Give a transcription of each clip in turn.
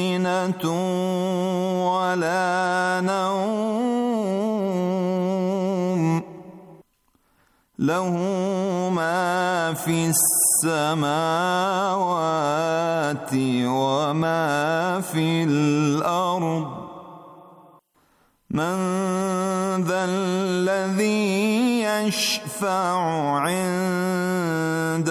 سِنَةٌ وَلَا نَوْمٌ لَهُ مَا فِي السَّمَاوَاتِ وَمَا فِي الْأَرْضِ مَنْ ذَا الَّذِي يَشْفَعُ عِنْدَهُ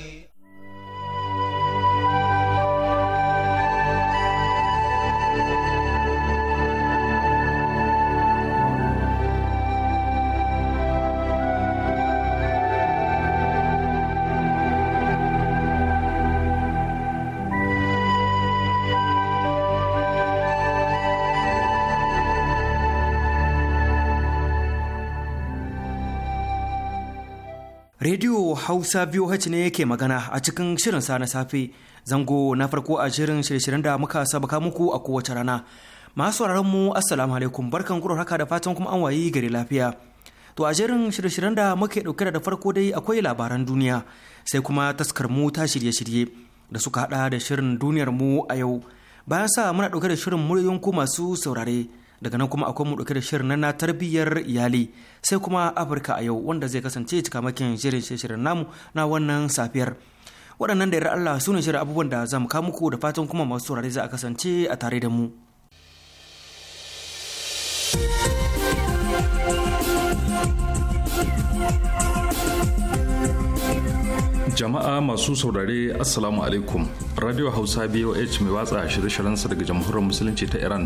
Rediyo Hausa VOH ne yake magana a cikin shirin sa na safe. Zango na farko a shirin shirye-shiryen da muka sabaka muku a kowace rana. Masu sauraron mu Assalamu alaikum barkan kuro haka da fatan kuma an wayi gari lafiya. To a jerin shirye-shiryen da muke ɗauke da farko dai akwai labaran duniya sai kuma taskar mu ta shirye-shirye da suka hada da shirin duniyar mu a yau. Bayan sa muna ɗauke da shirin muryoyin ku masu saurare. daga nan kuma akwai mu dauke da shirin na tarbiyyar iyali sai kuma afirka a yau wanda zai kasance cikamakin shirin shirin namu na wannan safiyar waɗannan da yarda Allah su ne shirin abubuwan da za mu kawo muku da fatan kuma masu saurare za a kasance a tare da mu. jama'a masu saurare assalamu alaikum radio hausa boh mai watsa shirye-shiryensa daga jamhuriyar musulunci ta iran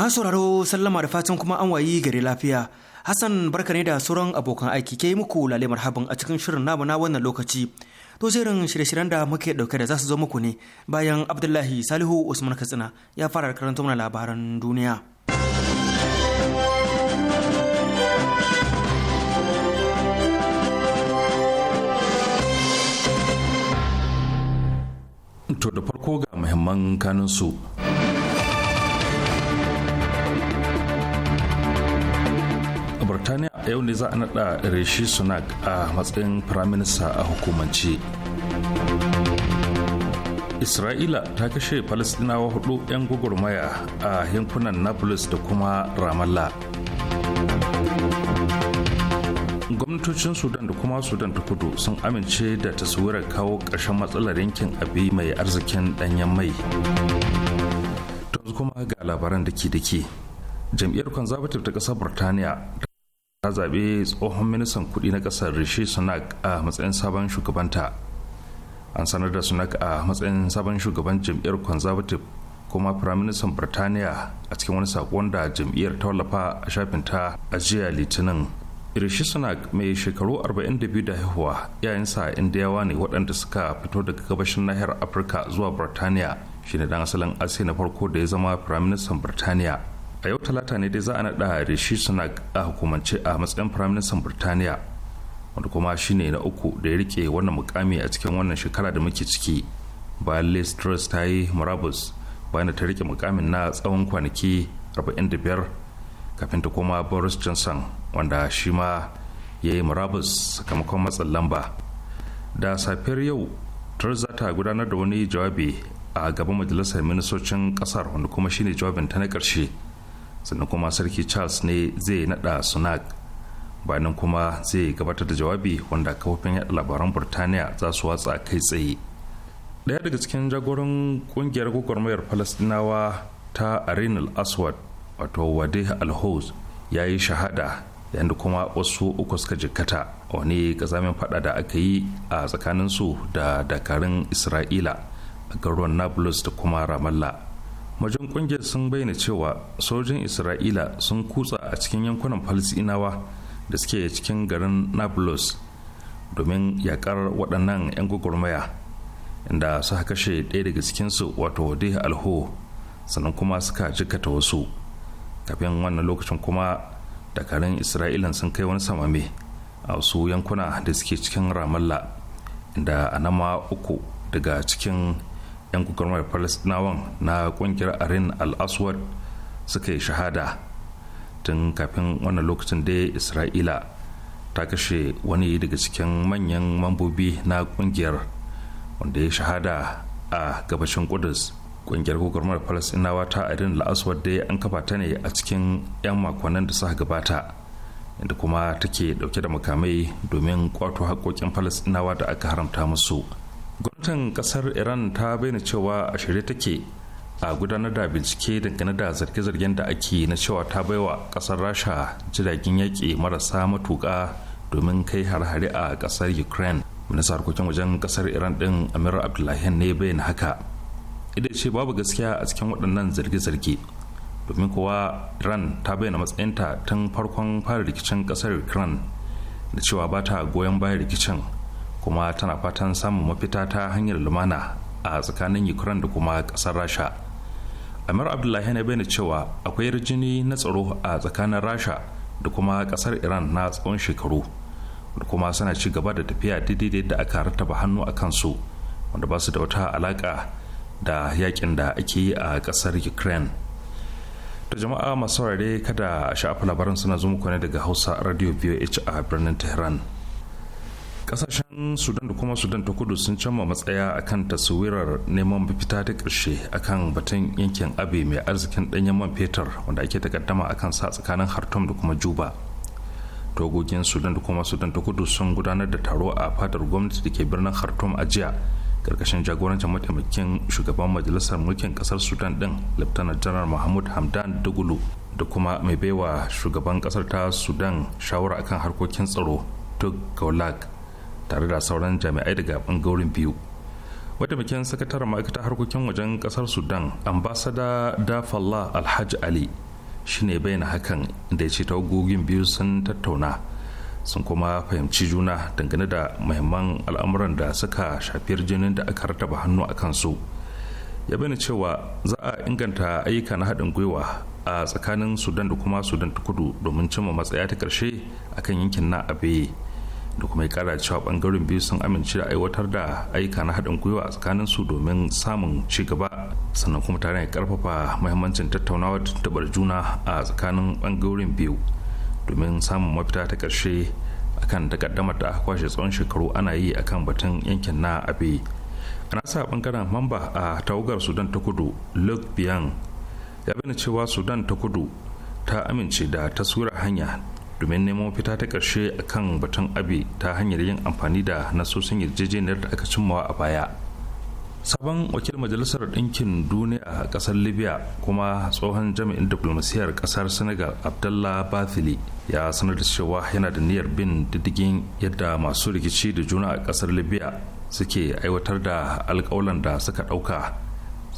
Masu sauraro sallama da fatan kuma an wayi gari lafiya. Hassan barka ne da sauran abokan aiki ke muku lale marhaban a cikin shirin namu na wannan lokaci. To jerin shirye-shiryen da muke dauke da za su zo muku ne bayan Abdullahi Salihu Usman Katsina ya fara karanta mana labaran duniya. To da farko ga muhimman kanunsu burtaniya yau ne za a naɗa rishi sunak a matsayin firaminista a hukumance isra'ila ta kashe falasdinawa hudu 'yan gwagwarmaya a yankunan nablus da kuma ramallah gwamnatocin sudan da kuma sudan ta kudu sun amince da taswirar kawo ƙarshen matsalar yankin abi mai arzikin danyen mai yanzu kuma ga labaran da ke da ke jam'iyyar conservative ta ƙasar burtaniya ta zaɓi tsohon ministan kuɗi na ƙasar rishi sunak a matsayin sabon shugabanta an sanar da sunak a matsayin sabon shugaban jam'iyyar conservative kuma firaministan birtaniya a cikin wani saƙon da jam'iyyar ta wallafa a shafin ta a jiya litinin rishi sunak mai shekaru 42 da haihuwa yayansa indiyawa ne waɗanda suka fito daga gabashin nahiyar afirka zuwa birtaniya shine dan asalin asiya na farko da ya zama firaministan birtaniya a yau talata ne dai za a naɗa rishi sunak a hukumance a matsayin firaministan birtaniya wanda kuma shine na uku da ya rike wannan mukami a cikin wannan shekara da muke ciki bayan liz truss ta yi murabus bayan da ta rike mukamin na tsawon kwanaki 45 kafin ta koma boris johnson wanda shi ma ya yi murabus sakamakon matsin lamba da safiyar yau truss za ta gudanar da wani jawabi a gaban majalisar ministocin kasar wanda kuma shine jawabin ta na ƙarshe sannan kuma sarki charles ne zai nada sunak bayanan kuma zai gabatar da jawabi wanda kafofin yada labaran burtaniya za su watsa kai tsaye daya daga cikin jagoran kungiyar gwagwarmayar falastinawa ta arenal aswad wato wade alhoz ya yi shahada yayin da kuma wasu uku suka jikkata a wani kazamin fada da aka yi a tsakaninsu da dakarun isra'ila a garuwan nablus da kuma ramallah majin kungiyar sun bayyana cewa sojin isra'ila sun kutsa a cikin yankunan falisinawa da suke cikin garin nablus domin yakar waɗannan 'yan gwagwarmaya inda suka kashe ɗaya daga cikinsu wato dai alho sannan kuma suka jikata wasu kafin wannan lokacin kuma dakarun isra'ila sun kai wani samame a wasu yankuna da suke cikin ramallah inda anama uku daga cikin 'yan gwagwarmar palestinawan na kungiyar arin al-aswad suka yi shahada tun kafin wannan lokacin da isra'ila ta kashe wani daga cikin manyan mambobi na kungiyar wanda ya shahada a gabashin kudus kungiyar gwagwarmar palestinawa ta arin al-aswad dai an kafa ta ne a cikin 'yan makonnan da suka gabata inda kuma take dauke da makamai domin kwato haƙƙoƙin palestinawa da aka haramta musu. gwamnatin kasar iran ta bayyana cewa a shirye take a gudanar da bincike dangane da zarge-zargen da ake na cewa ta baiwa kasar rasha jiragen yaƙi marasa matuƙa domin kai har-hare a kasar ukraine wani harkokin wajen kasar iran din amir abdullahian ne bayyana haka ita ce babu gaskiya a cikin waɗannan zarge-zarge domin kuwa iran ta bayyana matsayinta tun farkon fara rikicin kasar ukraine da cewa ba ta goyon bayan rikicin kuma tana fatan samun mafita ta hanyar lumana a tsakanin ukraine da kuma ƙasar rasha amir abdullahi na bayyana cewa akwai rijini na tsaro a tsakanin rasha da kuma ƙasar iran na tsawon shekaru da kuma suna ci gaba da tafiya daidai da aka rataba hannu a kansu wanda ba su da wata alaƙa da yakin da ake yi a ƙasar ukraine ta jama'a masu kada a sha'afa labaran suna zo ne daga hausa radio voh a birnin tehran kasashen sudan da kuma sudan ta kudu sun cimma matsaya akan taswirar neman mafita ta ƙarshe akan batun yankin abe mai arzikin ɗanyen man fetur wanda ake takaddama akan sa tsakanin hartum da kuma juba togogin sudan da kuma sudan ta kudu sun gudanar da taro a fadar gwamnati da ke birnin hartum a jiya karkashin jagorancin mataimakin shugaban majalisar mulkin kasar sudan din laftanar janar mahmud hamdan dugulu da kuma mai baiwa shugaban kasar ta sudan shawara akan harkokin tsaro duk gaulag. tare da sauran jami'ai daga bangarorin biyu mataimakin sakataren ma'aikatar harkokin wajen kasar sudan ambasada dafalla alhaji ali shine bayyana hakan da ya ce ta tawagogin biyu sun tattauna sun kuma fahimci juna dangane da mahimman al'amuran da suka shafiyar jinin da aka rataba hannu a kansu ya bayyana cewa za a inganta ayyuka na haɗin gwiwa a tsakanin sudan da kuma sudan ta kudu domin cimma matsaya ta karshe akan yankin na abe da kuma ya kara cewa bangaren biyu sun amince da aiwatar da aika na haɗin gwiwa a tsakanin su domin samun ci gaba sannan kuma tare ya karfafa muhimmancin tattaunawa da tuntuɓar juna a tsakanin bangaren biyu domin samun mafita ta ƙarshe akan takaddamar da aka kwashe tsawon shekaru ana yi akan batun yankin na abe ana sa bangaren mamba a tawagar sudan ta kudu luke biyan ya bayyana cewa sudan ta kudu ta amince da taswirar hanya domin neman fita ta karshe a kan batun abi ta hanyar yin amfani da nasosin yarjejeniyar da aka cimmawa a baya sabon wakil majalisar ɗinkin duniya a ƙasar libya kuma tsohon jami'in diplomasiyar ƙasar senegal abdallah bathily ya sanar da cewa yana da niyyar bin diddigin yadda masu rikici da juna a ƙasar libya suke aiwatar da alƙawalan da suka ɗauka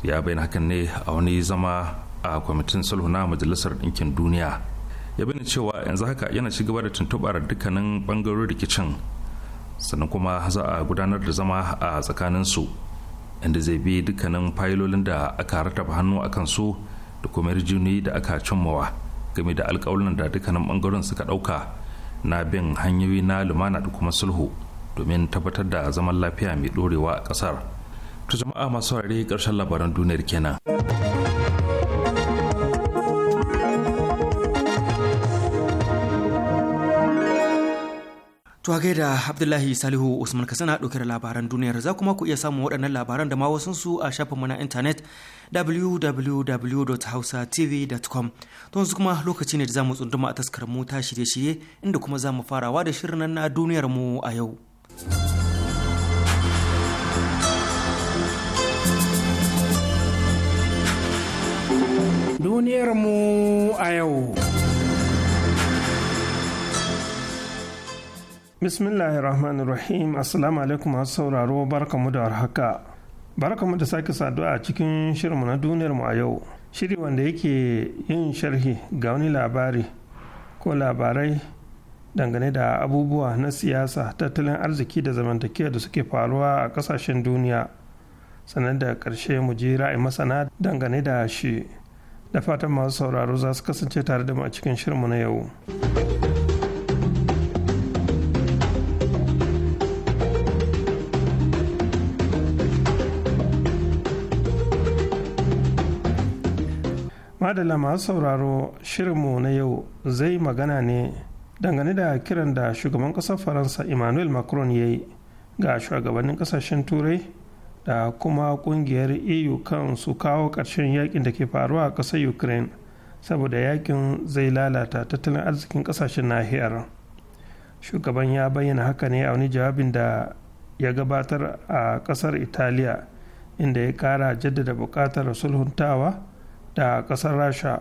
ya bayyana hakan ne a wani zama a kwamitin sulhu na majalisar ɗinkin duniya ya bayyana cewa yanzu haka yana ci gaba da tuntubar dukkanin bangarorin rikicin sannan kuma za a gudanar da zama a tsakanin su inda zai bi dukkanin fayilolin da aka rataba hannu a kan su da kuma yarjini da aka cimmawa game da alkawalin da dukkanin bangaren suka dauka na bin hanyoyi na lumana da kuma sulhu domin tabbatar da zaman lafiya mai dorewa a kasar ta jama'a masu rare karshen labaran duniyar kenan. To gaida Abdullahi Salihu Usman ka sana ɗauke da labaran duniyar za kuma ku iya samun waɗannan labaran da ma su a shafinmu na intanet www.hausatv.com to yanzu kuma lokaci ne da za mu tsunduma a taskar mu ta shirye-shirye inda kuma za mu farawa da shirin na duniyar mu a yau. Duniyar mu a yau. bismillahi bismillahirrahmanirrahim assalamu alaikum masu sauraro barka mu da warhaka barka mu da sake saduwa a cikin shirinmu na duniyar mu a yau shiri wanda yake yin sharhi ga wani labari ko labarai dangane da abubuwa na siyasa tattalin arziki da zamantakewa da suke faruwa a kasashen duniya sannan da karshe mu ji ra'ayi masana dangane da shi da fatan masu sauraro za su kasance tare da mu a cikin shirinmu na yau. madalla masu sauraro shirinmu na yau zai magana ne dangane da kiran da shugaban kasar faransa emmanuel macron ya yi ga shugabannin kasashen turai da kuma kungiyar eu kan su kawo ƙarshen yakin da ke faruwa a ƙasar ukraine saboda yakin zai lalata tattalin arzikin ƙasashen nahiyar shugaban ya bayyana haka ne a wani jawabin da ya gabatar a ƙasar italiya inda ya ƙara jaddada buƙatar sulhuntawa da kasar rasha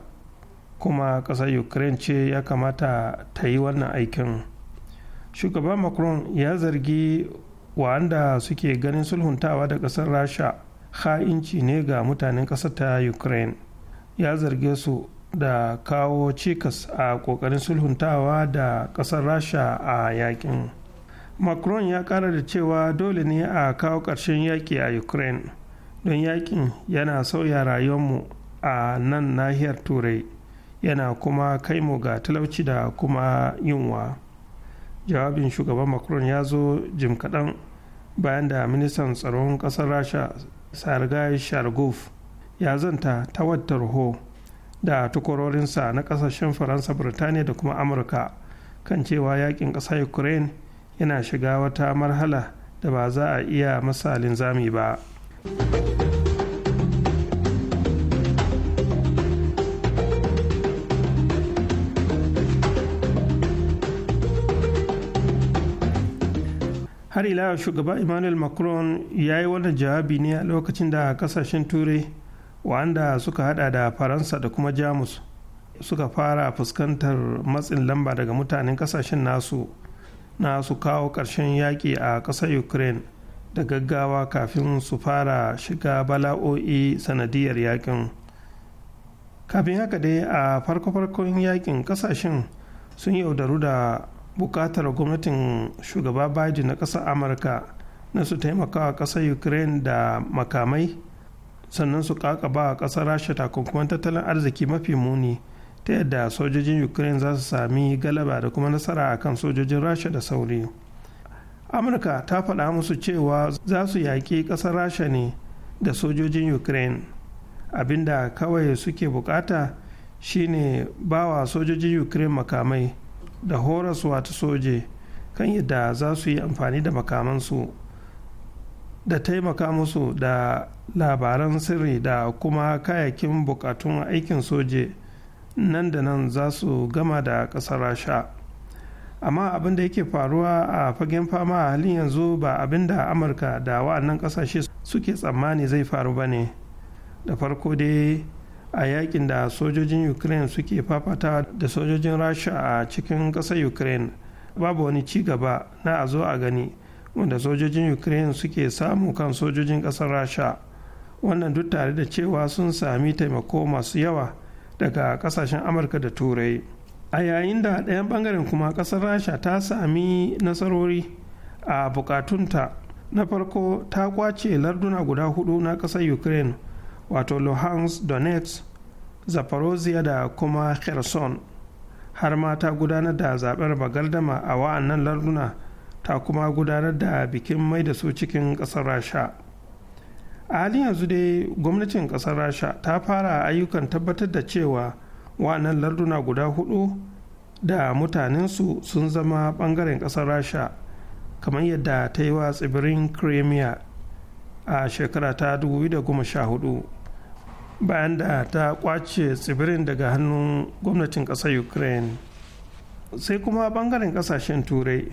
kuma ƙasar ukraine ce ya kamata ta yi wannan aikin shugaban macron ya zargi wanda suke ganin sulhuntawa da ƙasar rasha ha'inci ne ga mutanen ƙasar ta ukraine ya zarge su da kawo cikas a ƙoƙarin sulhuntawa da ƙasar rasha a yakin macron ya ƙara da cewa dole ne a kawo ƙarshen yaƙi a ukraine don yakin yana sauya rayuwarmu a nan nahiyar turai yana kuma kai mu ga talauci da kuma yunwa jawabin shugaban macron ya zo jim kaɗan bayan da ministan tsaron ƙasar rasha sargai shargov ya zanta ta ho da tukurorinsa na ƙasashen faransa birtaniya da kuma amurka kan cewa yakin ƙasa ukraine yana shiga wata marhala da ba za a iya misalin zami ba. har ila shugaba emmanuel macron ya yi wannan jawabi ne a lokacin da kasashen turai wanda suka hada da faransa da kuma jamus suka fara fuskantar matsin lamba daga mutanen kasashen nasu na su kawo ƙarshen yaƙi a ƙasar ukraine da gaggawa kafin su fara shiga bala'o'i sanadiyar yaƙin kafin haka dai a farko-farkon yaƙin kasashen sun yaudaru da bukatar gwamnatin shugaba baji na ƙasar amurka na su taimakawa ƙasar ukraine da makamai sannan su kakaba a ƙasar rasha takunkuman tattalin arziki mafi muni ta yadda sojojin ukraine za su sami galaba da kuma nasara a kan sojojin rasha da sauri amurka ta faɗa musu cewa za su yaƙi ƙasar rasha ne da sojojin ukraine abinda kawai suke bukata shine bawa sojojin ukraine makamai da horas ta soje kan yadda za su yi amfani da makamansu da taimaka musu da labaran sirri da kuma kayakin bukatun aikin soje nan da nan za su gama da ƙasar rasha amma abin da yake faruwa a fagen fama a halin yanzu ba abin da amurka da wa'annan ƙasashe suke tsammani zai faru ba ne da farko dai a yakin da sojojin ukraine suke fafata da sojojin rasha a cikin ƙasar ukraine babu wani ci gaba na a zo a gani wanda sojojin ukraine suke samu kan sojojin ƙasar rasha wannan duk tare da cewa sun sami taimako masu yawa daga ƙasashen amurka da turai a yayin da ɗayan bangaren kuma ƙasar rasha ta sami nasarori a bukatunta na farko ta kwace larduna guda hudu na ƙasar ukraine wato luhansk donetsk zaporozhia da kuma kherson har ma ta gudanar da zaben bagardama a wa'annan larduna ta kuma gudanar da bikin mai da su cikin ƙasar rasha a halin yanzu dai gwamnatin ƙasar rasha ta fara ayyukan tabbatar da cewa wa'annan larduna guda hudu da mutanensu sun zama ɓangaren ƙasar rasha kamar yadda ta yi wa tsibirin crimea a shekara ta 2014 bayan da ta kwace tsibirin daga hannun gwamnatin ƙasar ukraine sai kuma bangaren ƙasashen turai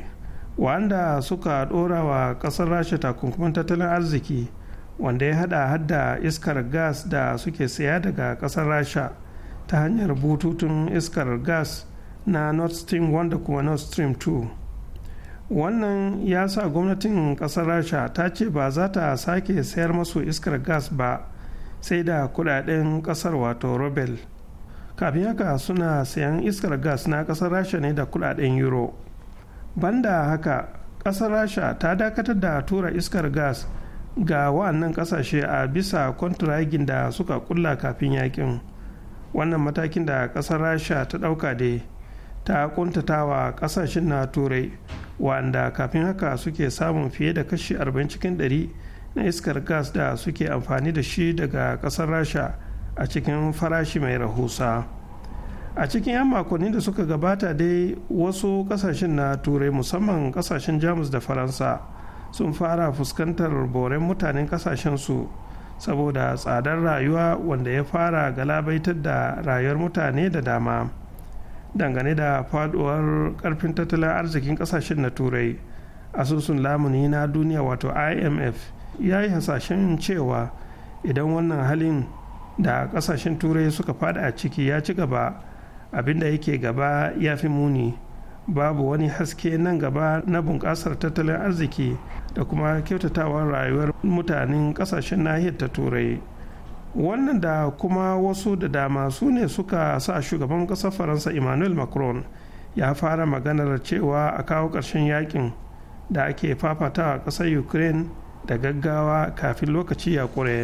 wanda suka ɗora wa ƙasar rasha takunkumin tattalin arziki wanda ya hada hadda iskar gas da suke saya daga ƙasar rasha ta hanyar bututun iskar gas na nord stream 1 da kuma nord stream 2 wannan ya sa gwamnatin ƙasar rasha ta ce ba za ta sake sayar masu iskar gas ba sai da kudaden kasar wato robel kafin haka suna sayan iskar gas na kasar rasha ne da kudaden euro banda haka kasar rasha ta dakatar da tura iskar gas ga wa'annan kasashe a bisa kwantiragin da suka kulla kafin yakin wannan matakin da kasar rasha ta dauka dai ta ƙuntatawa kasashen na turai wanda kafin haka suke samun fiye da kashi 40 cikin 100 na iskar gas da suke amfani da shi daga kasar rasha a cikin farashi mai rahusa a cikin 'yan makonni da suka gabata dai wasu kasashen na turai musamman kasashen jamus da faransa sun fara fuskantar boren mutanen kasashen su saboda tsadar rayuwa wanda ya fara galabaitar da rayuwar mutane da dama dangane da faduwar karfin tattalin arzikin kasashen na turai asusun lamuni na duniya wato imf ya yi hasashen cewa idan wannan halin da kasashen turai suka fada a ciki ya ci gaba abinda yake gaba ya fi muni babu wani haske nan gaba na bunƙasar tattalin arziki da kuma kyautatawar rayuwar mutanen kasashen nahiyar ta turai wannan da kuma wasu da dama su ne suka sa shugaban ƙasar faransa emmanuel macron ya fara maganar cewa a kawo ƙarshen yakin da ake fafatawa ƙasar ukraine da gaggawa kafin lokaci ya kure.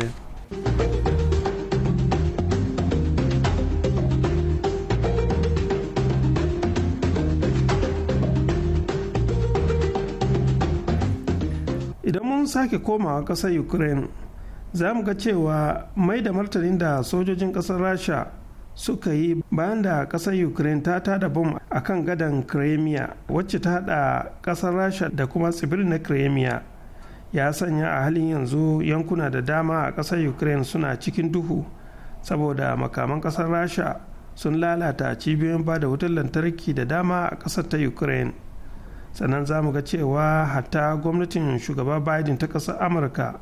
idan mun sake komawa ƙasar ukraine za mu ga cewa mai da martanin da sojojin ƙasar rasha suka yi bayan da ƙasar ukraine ta tada bom a kan gadon crimea wacce ta haɗa ƙasar rasha da kuma tsibirin na crimea ya sanya a halin yanzu yankuna da dama a ƙasar ukraine suna cikin duhu saboda makaman ƙasar rasha sun lalata cibiyoyin ba da wutar lantarki da dama a ƙasar ta ukraine sannan za mu ga cewa hatta gwamnatin shugaba biden ta ƙasar amurka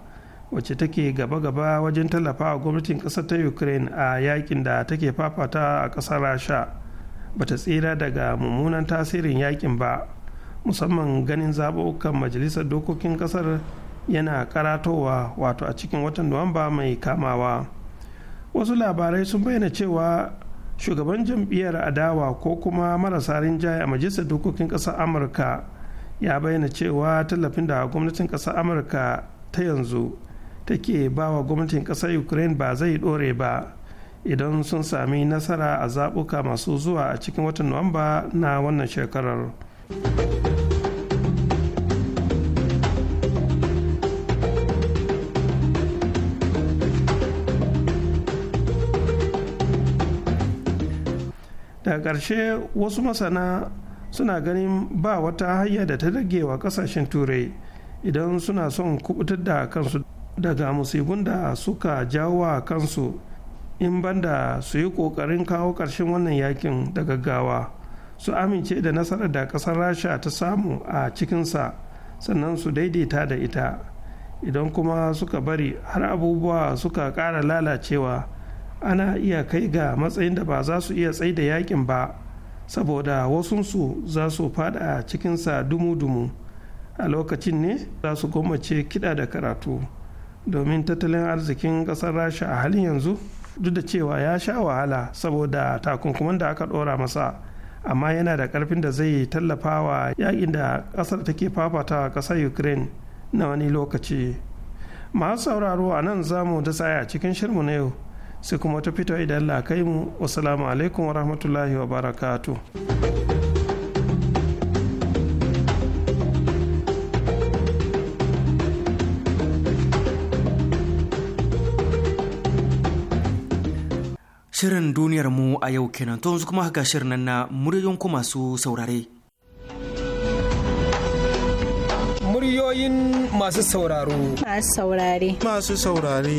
wacce take gaba-gaba wajen tallafa a gwamnatin ƙasar ta ukraine a yakin da take fafata a ƙasar rasha ba ta tsira daga mummunan tasirin yakin ba musamman ganin zaɓuɓɓukan majalisar dokokin ƙasar yana karatowa wato a cikin watan nuwamba mai kamawa wasu labarai sun bayyana cewa shugaban jam'iyyar adawa ko kuma marasa rinjaye a majalisar dokokin ƙasar amurka ya bayyana cewa tallafin da gwamnatin ƙasar amurka ta yanzu take ba wa gwamnatin ƙasar ukraine ba zai ɗore ba idan sun sami nasara a zaɓuka masu zuwa a cikin watan nuwamba na wannan shekarar. daga ƙarshe wasu masana suna ganin ba wata hanya da ta rage wa ƙasashen turai idan suna son kubutar da kansu daga musibin da suka jawo wa kansu in banda su yi ƙoƙarin kawo ƙarshen wannan yakin da gaggawa su amince da nasarar da ƙasar rasha ta samu a cikinsa sannan su daidaita da ita idan kuma suka bari har abubuwa suka ƙara lalacewa ana iya kai ga matsayin da ba za su iya tsaida yakin ba saboda wasunsu za su fada cikinsa dumu-dumu a lokacin ne za su gwammace kiɗa da karatu domin tattalin arzikin ƙasar rasha a halin yanzu duk da cewa ya sha wahala saboda takunkuman da aka ɗora masa amma yana da ƙarfin da zai tallafa wa yakin da ƙasar take fafata ƙasar ukraine na wani lokaci masu sauraro a nan zamu da tsaya cikin shirmu na yau sai kuma ta fito idan Allah kai mu wasalamu alaikum wa rahmatullahi wa barakatu. Shirin duniyar mu a yau kenan to yanzu kuma haka shirin nan na muryoyin ku masu saurare. Muryoyin masu sauraro. Masu saurare. Masu saurare.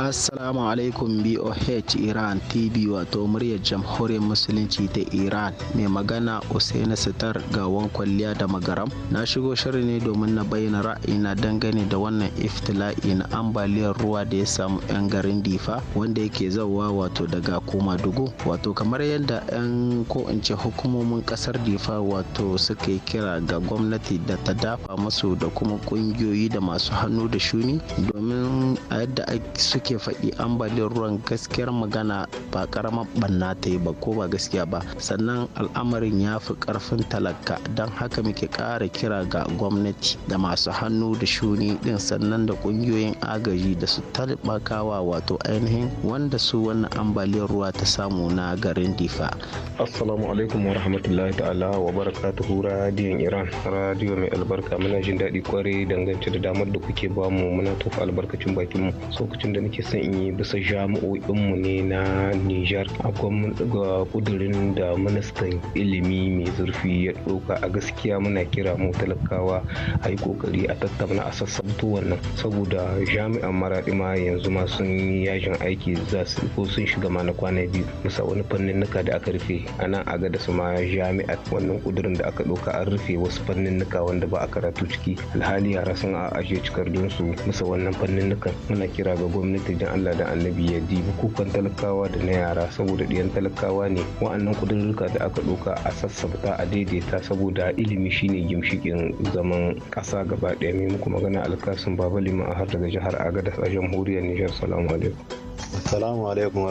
Assalamu alaikum BOH Iran TV wato muryar jamhuriyar musulunci ta Iran mai magana Usaina Sitar gawon kwalliya da magaram. Na shigo shirin ne domin na bayyana ra'ayina dangane da wannan iftila'i na ambaliyar ruwa da ya samu 'yan garin Difa wanda yake zauwa wato daga kuma Dugu. Wato kamar yadda 'yan ko in ce hukumomin kasar Difa wato suka yi kira ga gwamnati da ta dafa musu da kuma kungiyoyi da masu hannu da shuni domin a yadda ake faɗi ambaliyar ruwan gaskiyar magana ba karamar banna ta yi ba ko ba gaskiya ba sannan al'amarin ya fi ƙarfin talaka don haka muke ƙara kira ga gwamnati da masu hannu da shuni ɗin sannan da ƙungiyoyin agaji da su talbakawa wato ainihin wanda su wannan ambaliyar ruwa ta samu na garin difa assalamu alaikum wa rahmatullahi ta'ala wa barakatuhu radiyon iran radiyo mai albarka muna jin daɗi kwarai dangance da damar da kuke bamu muna tofa albarkacin bakinmu lokacin da kisan yi bisa jami'o'inmu ne na Nijar akwai kudurin da ministan ilimi mai zurfi ya ɗauka a gaskiya muna kira mu talakawa a yi kokari a tattauna a sassabto wannan saboda jami'an maraɗi ma yanzu ma sun yi yajin aiki za su ko sun shiga ma na kwana biyu bisa wani fannin nuka da aka rufe a nan a gada su ma jami'a wannan kudurin da aka ɗauka an rufe wasu fannin nuka wanda ba a karatu ciki alhali yara sun a ajiye su bisa wannan fannin muna kira ga gwamnati gwamnati Allah da annabi ya dibi kukan talakawa da na yara saboda ɗiyan talakawa ne wa'annan kudurruka da aka ɗauka a sassabta a daidaita saboda ilimi shine gimshikin zaman ƙasa gaba ɗaya mai muku magana alkasun baba liman a har daga jihar agadas a jamhuriyar nijar salamu alaikum Assalamu alaikum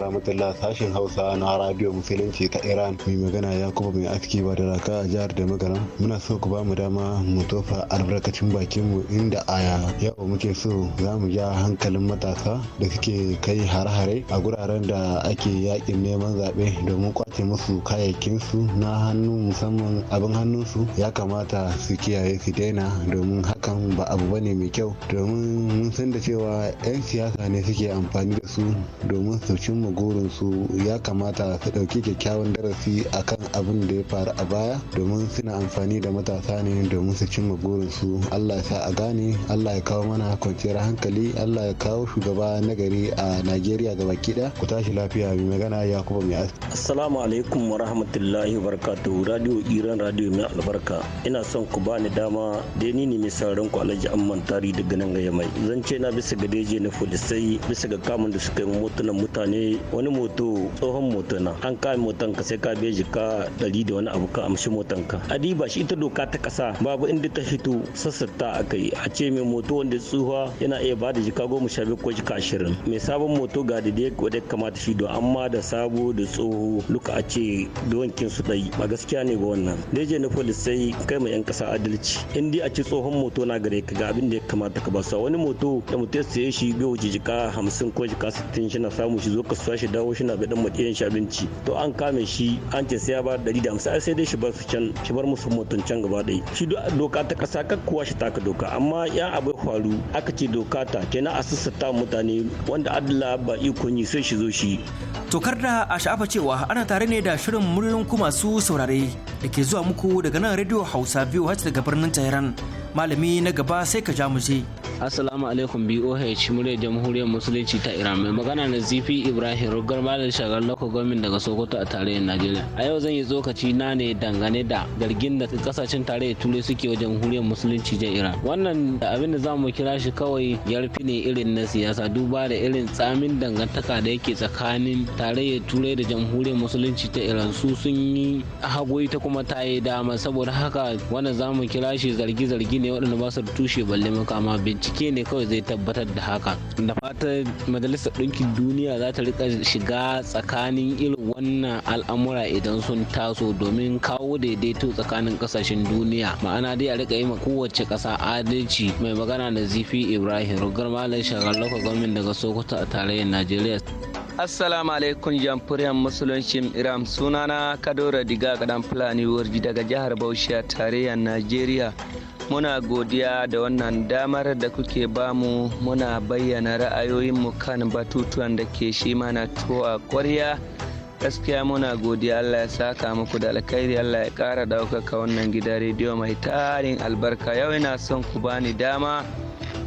sashen Hausa na Radio Musulunci ta Iran mai magana ya kuma mai aski ba da raka a jihar da magana muna so ku bamu dama mu tofa albarkacin bakin mu inda aya yau muke so za mu ja hankalin matasa da suke kai hare-hare a guraren da ake yakin neman zaɓe domin kwace musu kayayyakin su na hannu musamman abin hannunsu ya kamata su kiyaye su daina domin hakan ba abu bane mai kyau domin mun san da cewa 'yan siyasa ne suke amfani da su domin su cimma su ya kamata su ɗauki kyakkyawan darasi akan abin da ya faru a baya domin suna amfani da matasa ne domin su cimma burinsu allah ya sa a gane allah ya kawo mana kwanciyar hankali allah ya kawo shugaba na na a Najeriya ga baki ɗaya ku tashi lafiya mai magana Yakubu mai Assalamu alaikum wa rahmatullahi wa barakatuh Radio Iran Radio mai albarka ina son ku bani dama dai ni ne mai sauraron ku Alhaji Amman Tari daga nan ga mai zan ce na bisa ga deje na Folisai bisa ga kamun da suka yi motunan mutane wani moto tsohon moto na an kame motan ka sai ka biya jika ɗari da wani abu ka amshi motan ka ba shi ita doka ta kasa babu inda ta fito ta a kai a ce mai moto wanda tsuha yana iya ba da jika goma sha biyu ko jika ashirin irin mai sabon moto ga da wadda kamata shi don amma da sabo da tsoho luka a ce wankin su dai ba gaskiya ne ba wannan deje na polis sai kai mai yan kasa adalci in dai a ce tsohon moto na gare ka ga abin da ya kamata ka ba sa wani moto da mutum ya saye shi bai wuce jika hamsin ko jika sittin shi na samu shi zo kasuwa shi dawo shi na ga dan matsayin shi abinci to an kame shi an ce sai ya ba ɗari da hamsin sai dai shi bar su can shi bar musu moton can gaba ɗaya shi doka ta kasa kakkuwa shi taka doka amma ya abai faru aka ce doka ta kenan a sassata mutane wanda adala ba ikon yi sai shi zo shi. Tokar da a sha'afa cewa ana tare ne da shirin muryoyin kuma su saurare da ke zuwa muku daga nan rediyo Hausa biyu har daga birnin Tehran. Malami na gaba sai ka ja mu je. Assalamu alaikum BOH murya jamhuriyar musulunci ta Iran mai magana na Zifi Ibrahim Rugar Malam Shagar Lako daga Sokoto a tarayyar Najeriya. A yau zan yi tsokaci na ne dangane da zargin da kasashen tarayyar Turai suke wa jamhuriyar musulunci ta Iran. Wannan da abin da za mu kira shi kawai yarfi ne irin na siyasa duba da irin tsamin dangantaka da yake tsakanin tarayyar Turai da jamhuriyar musulunci ta Iran su sun yi hagoyi ta kuma ta yi dama saboda haka wannan za mu kira shi zargi-zargi ne waɗanda ba su tushe balle makama binci. bincike ne kawai zai tabbatar da haka da fatan majalisar ɗinkin duniya za ta rika shiga tsakanin irin wannan al'amura idan sun taso domin kawo daidaito tsakanin kasashen duniya ma'ana dai a rika yi ma kowace ƙasa adalci mai magana da zifi ibrahim rugar malam shagar lokacin gwamnati daga sokoto a tarayyar najeriya Assalamu alaikum jamfuriyar musuluncin Iram sunana Kadora Diga Kadan Fulani Warji daga jihar Bauchi a tarayyar Najeriya. muna godiya da wannan damar da kuke bamu muna bayyana ra'ayoyinmu kan batutuwan da ke shi mana a kwarya gaskiya muna godiya Allah ya saka muku da alkhairi Allah ya kara daukaka wannan gida rediyo mai tarin albarka yau ina son ku bani dama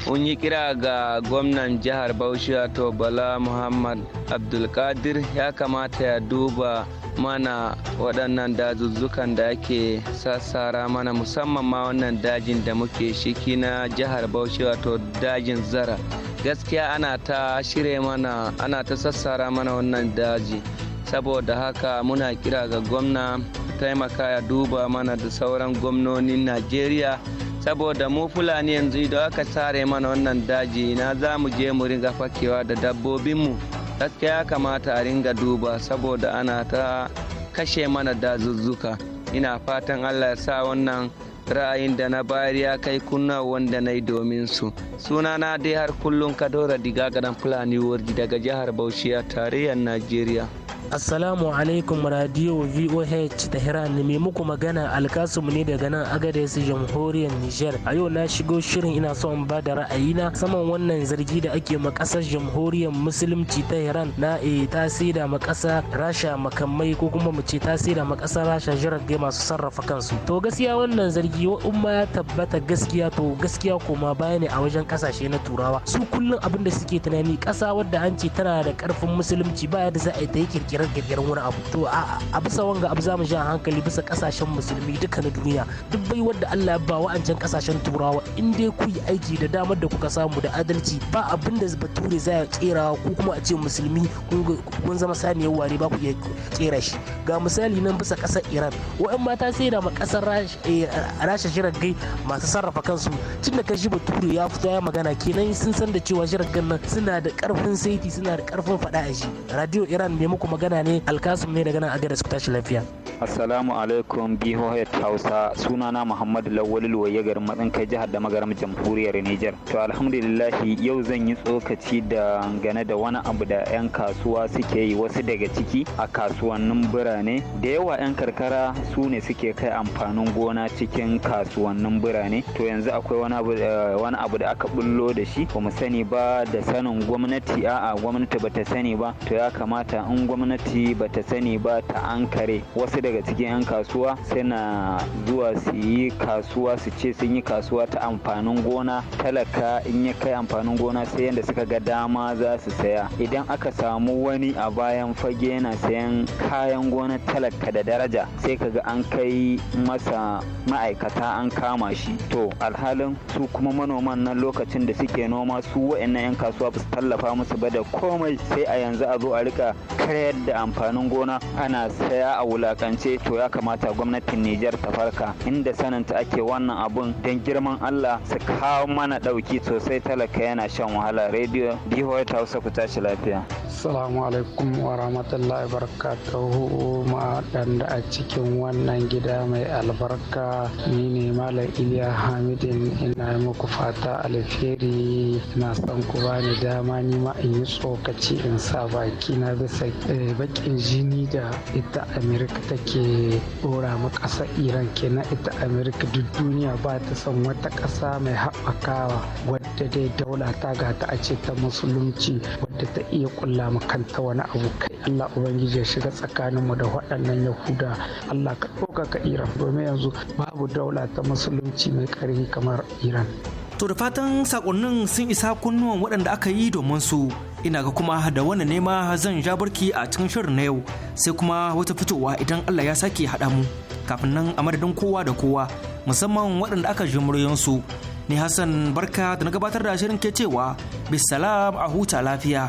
mun yi kira ga gwamnan jihar bauchi to bala muhammad abdulkadir ya kamata ya duba mana waɗannan dazuzzukan da ake sassara mana musamman ma wannan dajin da muke shiki na jihar bauchi wato dajin zara gaskiya ana ta shirya mana ana ta sassara mana wannan daji saboda haka muna kira ga gwamna taimaka ya duba mana da sauran gwamnonin najeriya saboda mu fulani yanzu idan aka sare mana wannan daji na za mu je mu ringa fakewa da dabbobinmu gaskiya kamata a ringa duba saboda ana ta kashe mana dazuzzuka ina fatan allah ya sa wannan ra'ayin da na bayar ya kai kunna wanda na yi domin su Suna na dai har kullum kadora diga gadan fulani warji daga jihar bauchi a tarayyar najeriya Assalamu alaikum radio VOH ne mai muku magana alkasum ne daga nan Agadez jamhuriyar Nijar. A yau na shigo shirin ina son ba da ra'ayina saman wannan zargi da ake ma ƙasar jamhuriyar musulunci ta Iran na e eh, tasira ma ƙasa Rasha makamai ko kuma mu ce tasira ma ƙasa Rasha jirage masu sarrafa kansu. To gaskiya wannan zargi wa umma ya tabbata gaskiya to gaskiya koma baya ne a wajen ƙasashe na Turawa. Su kullum abin da suke tunani ƙasa wadda an ce tana da ƙarfin musulunci ba da za a yi ta yi kirkirar wani abu to a bisa wanga abu za zamu a hankali bisa kasashen musulmi duka na duniya duk bai wanda Allah ya ba wa'ancan kasashen turawa in dai ku yi aiki da damar da kuka samu da adalci ba abin da bature ya kera ko kuma a ce musulmi kun zama saniyar ware ba ku iya kera shi ga misali nan bisa kasar Iran wa'an mata sai da ma kasar eh, rasha shiragai masu sarrafa kansu tun da ka shi bature ya fito ya magana kenan sun san da cewa shiragan nan suna da karfin saiti suna da karfin faɗa a shi radio Iran ne muku magana magana ne alkasum ne daga nan su tashi lafiya assalamu alaikum bihohet hausa sunana muhammadu lawal luwaye garin matsin kai jihar da magaram jamhuriyar niger to alhamdulillah yau zan yi tsokaci da gane da wani abu da 'yan kasuwa suke yi wasu daga ciki a kasuwannin birane da yawa 'yan karkara su ne suke kai amfanin gona cikin kasuwannin birane to yanzu akwai eh, wani abu da aka bullo da shi ba mu sani ba da sanin gwamnati a'a gwamnati ba ta sani ba to ya kamata in gwamnati gwamnati ba ta sani ba ta ankare wasu daga cikin 'yan kasuwa suna zuwa su yi kasuwa su ce sun yi kasuwa ta amfanin gona talaka in ya kai amfanin gona sai yadda suka ga dama za su saya idan aka samu wani a bayan fage yana sayan kayan gona talaka da daraja sai ka ga an kai masa ma'aikata an kama shi to alhalin su kuma manoman nan lokacin da suke noma su wa'annan 'yan kasuwa ba su tallafa musu ba da komai sai a yanzu a zo a rika kare yadda da amfanin gona ana saya a wulakance to ya kamata gwamnatin Nijar ta farka inda sananta ake wannan abun don girman Allah su kawo mana ɗauki sosai talaka yana shan wahala rediyo bihoyi ta hausa ku tashi lafiya. Assalamu alaikum wa rahmatullahi barakatuhu ma da a cikin wannan gida mai albarka ni ne Malam Iliya Hamidin ina muku fata alheri na san ku bani dama ni ma in yi tsokaci in sa baki na bisa eh, Eh, bakin jini da ita amerika take dora ma ƙasar iran kenan ita amerika duk duniya ba ta son wata ƙasa mai haɓakawa wadda dai daula ta gata a ce ta musulunci wadda ta iya kulla ma kanta wani abu kai allah ubangiji ya shiga tsakaninmu da waɗannan yahuda allah ka ɗaukaka iran domin yanzu babu daula ta musulunci mai ƙarfi kamar iran to da fatan sakonnin sun isa kunnuwan waɗanda aka yi domin su ina ga kuma da wani nema zan ja barki a cikin shirin na yau sai kuma wata fitowa idan Allah ya sake haɗa mu kafin nan a madadin kowa da kowa musamman waɗanda aka ji muryansu ni Hassan barka da na gabatar da shirin ke cewa bisalam a huta lafiya.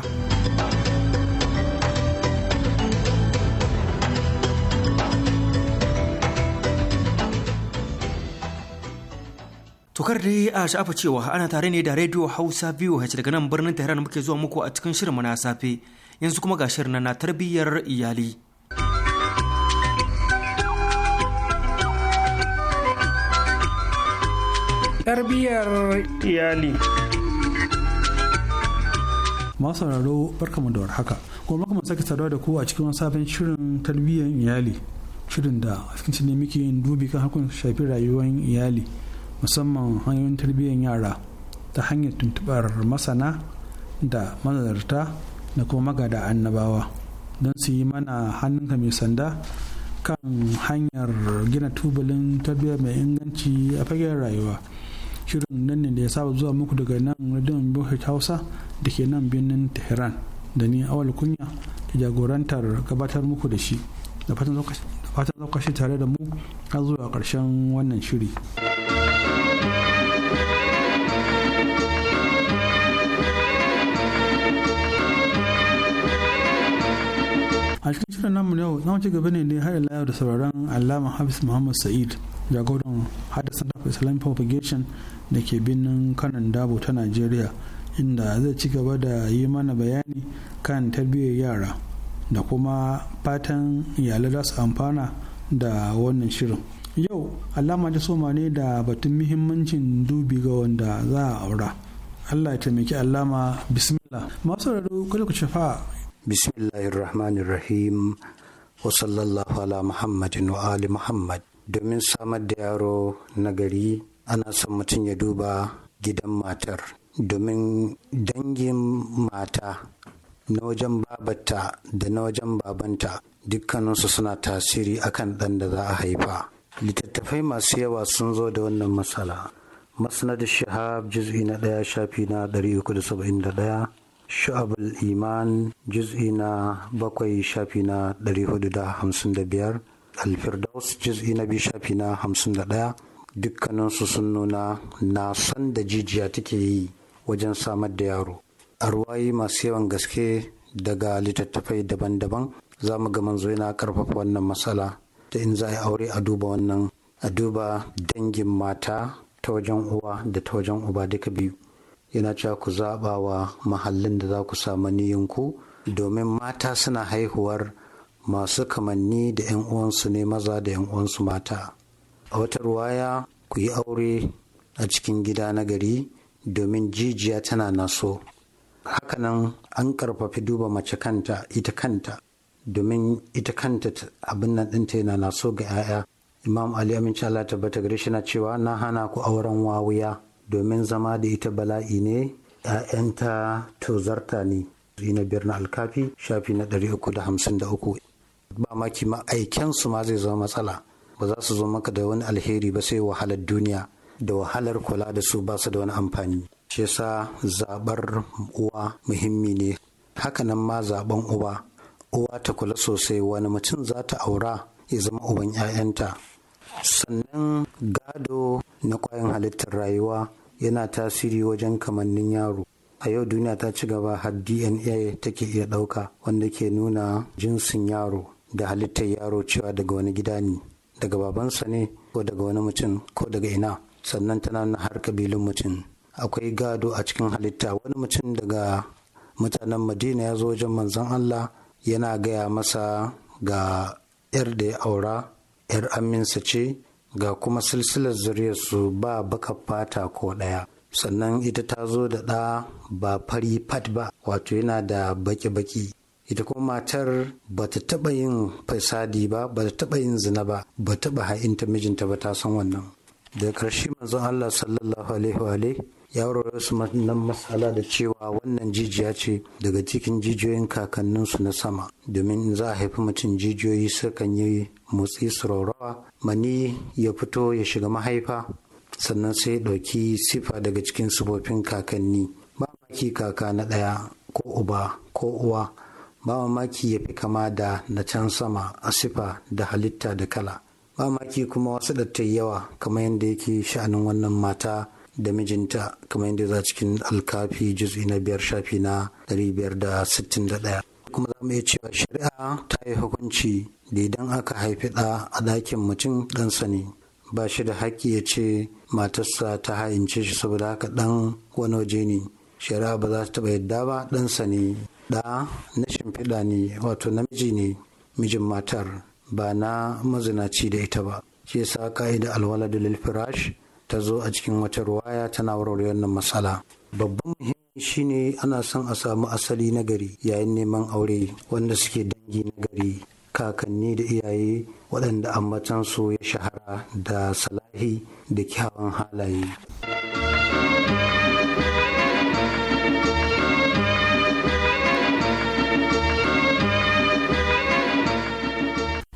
Tokar dai a sha'afa cewa ana tare ne da Radio Hausa VOH daga nan birnin Tehran muke zuwa muku a cikin shirin na safe yanzu kuma ga shirin na tarbiyyar iyali. Tarbiyyar iyali. Masu sauraro barkamu da warhaka. Kuma kuma sake saduwa da ku a cikin wani sabon shirin tarbiyyar iyali. Shirin da a cikin ne muke yin dubi kan harkar shafi rayuwar iyali. musamman hanyoyin tarbiyyar yara ta hanyar tuntubar masana da manzarta da kuma magada annabawa don su yi mana hannunka mai sanda kan hanyar gina tubalin tarbiyya mai inganci a fagen rayuwa shirin nan ne da ya saba zuwa muku daga nan radion bohit hausa da ke nan birnin tehran da ni awal kunya da jagorantar gabatar muku da shi da fatan lokaci tare da mu har zuwa karshen wannan shiri. a cikin shirin namu yau za mu ci gaba ne ne haɗa layar da sauraron allama hafiz muhammad sa'id jagoran hada center for islamic propagation da ke binnin kanan dabo ta nigeria inda zai ci gaba da yi mana bayani kan tarbiyyar yara da kuma fatan iyalai za su amfana da wannan shirin yau alama ta soma ne da batun muhimmancin dubi ga wanda za a aura allah ya taimaki alama, bismillah masu raro kada ku shafa bismillahirrahmanirrahim wa sallallahu ala muhammadin wa ali muhammad domin samar da yaro nagari ana son mutum ya duba gidan matar domin dangin mata na wajen babata da na wajen babanta dukkaninsu suna tasiri akan ɗan da za a haifa littattafai masu yawa sun zo da wannan matsala masnad shahab juz'i na ɗaya shafi na ɗaya. sha'abul iman juz'i na bakwai shafi na ɗari da da hamsin biyar alfirdaus juz'i na biyu shafi na hamsin da ɗaya dukkaninsu sun nuna na san da jijiya take yi wajen samar da yaro A ruwayi masu yawan gaske daga littattafai daban-daban za mu ga manzo yana karfafa wannan matsala da in za a yi aure a duba wannan a duba dangin mata ta wajen uwa da ta wajen uba duka biyu yana cewa ku zaɓa wa mahallin da za ku samu niyinku domin mata suna haihuwar masu kamanni da 'yan uwansu ne maza da 'yan uwansu mata a wata ruwaya ku yi aure a cikin gida na gari domin jijiya tana naso hakanan an karfafi duba mace kanta ita kanta domin ita kanta abin nan ɗinta yana naso ga 'ya'ya imam ali aminci allah tabbata gare shi na cewa na hana ku auren wawuya domin zama da ita bala'i ne ‘ya'yanta zarta ne zina biyar na alkafi shafi na da hamsin 353 ba maki ma'aikensu ma zai zama matsala ba za su zo maka da wani alheri ba sai wahalar duniya da wahalar kula da su ba su da wani amfani shi yasa zaɓar uwa muhimmi ne hakanan ma zaɓan uwa, uwa ta kula sosai wani mutum za ta aura ya zama uban 'ya'yanta sannan gado na kwayan halittar rayuwa yana tasiri wajen kamannin yaro a yau duniya ta ci gaba har dna take iya ɗauka wanda ke nuna jinsin yaro da halittar yaro cewa daga wani gida ne daga babansa ne ko daga wani mutum ko daga ina sannan tana na har kabilun mutum akwai gado a cikin halitta wani mutum daga mutanen madina ya zo wajen manzon allah yana gaya masa ga yar da ya aura 'yar aminsa ce ga kuma silsilar zuriyarsu ba baka fata ko ɗaya sannan ita ta zo da ɗa ba fari fat ba wato yana da baki-baki ita kuma matar ba ta taɓa yin fasadi ba ba ta taɓa yin zina ba ba ba ha'inta mijinta ba ta san wannan da ƙarshe manzon Allah sallallahu alaihi wa ya warware su nan matsala da cewa wannan jijiya ce daga cikin jijiyoyin kakanninsu na sama domin za a haifi mutum jijiyoyi sukan yi motsi su raurawa mani ya fito ya shiga mahaifa sannan sai ya ɗauki sifa daga cikin sifofin kakanni ba maki kaka na ɗaya ko uba ko uwa ba mamaki ya fi kama da na can sama a sifa da halitta da kala ba maki kuma wasu dattai yawa kamar yadda yake sha'anin wannan mata da mijinta kamar yadda za cikin alkafi juz'i na biyar shafi na 561 kuma za mu iya cewa shari'a ta yi hukunci da idan aka haifi ɗa a ɗakin mutum ɗansa ne ba shi da haƙƙi ya ce matarsa ta haince shi saboda haka ɗan wani waje ne shari'a ba za ta taɓa yadda ba ɗansa ne ɗa na shimfiɗa ne wato namiji ne mijin matar ba na mazinaci da ita ba shi yasa ka'ida alwala da firash ta zo a cikin wata ruwaya tana warware wannan matsala babban muhimmi shine ana son a samu asali na gari yayin neman aure wanda suke dangi na gari kakanni da iyaye waɗanda su ya shahara da salahi da kyawun halaye